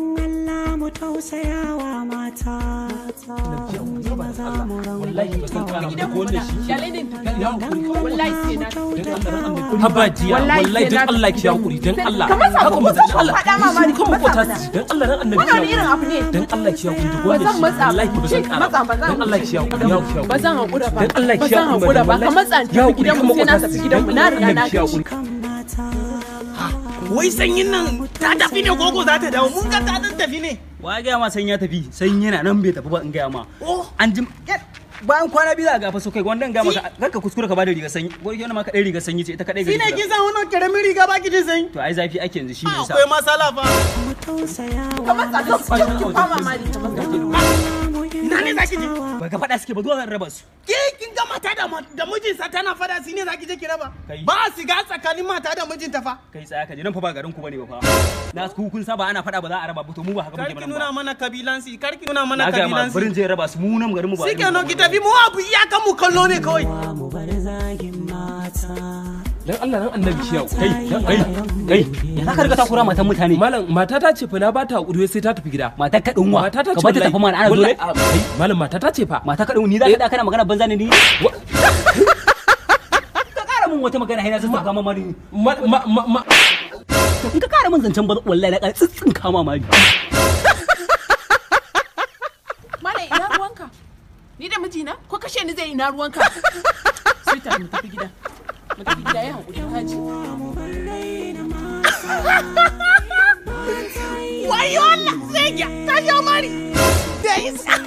Allah mu tausayawa mata maza mu wallahi don Allah ki hakuri don Allah haka mu kota su don Allah dan annabi wannan irin don Allah ki duk shi wallahi don Allah ki ba don Allah ki ba matsa gidan mu sai na tafi gidan mu na na ki wai sanyin nan ta tafi ne koko za ta dawo mun ga ta dan tafi ne wa ga ma sanya tafi sanyi na nan bai tafi ba in ga ma oh. an ji bayan kwana biyu za ga faso kai wannan ga maka kanka kuskure ka bada riga sanyi ko yana maka dai riga sanyi ce ita kadai ga shine kin san wannan karamin riga baki ji sanyi to ai zafi ake yanzu shine sa akwai masala fa kamar ne zaki ji ba ga fada suke ba zuwa zan raba ga mata da da mijinsa tana fada shi ne zaki je kira ba ba su ga tsakanin mata da mijinta fa kai tsaya ka je nan fa ba garin ku bane ba fa na ku kun saba ana fada ba za a raba ba to mu ba haka muke ba nuna mana kabilansi karki nuna mana kabilansi na ga burin je raba su mu nan garin mu ba shikenan ki tafi mu abu iyaka mu kallo ne kawai mu bar zagin mata dan Allah nan annabi shi yau kai kai kai ya zaka riga kura matan mutane malam mata ta ce fa na ba ta hakuri sai ta tafi gida mata ka dinwa mata ta ce ka tafi mana ana dole malam mata ta ce fa mata ka dinwa ni za ka da eh. kana magana banza ne ni ka kara mun wata magana hina sai ga mamari ka kara mun zancen ba wallahi na ka tsitsin kama mari malam ina ruwanka ni da mijina ko kashe ni zai ina ruwanka sai ta tafi gida mu tafi gida ya hankuri haji ya ta da isa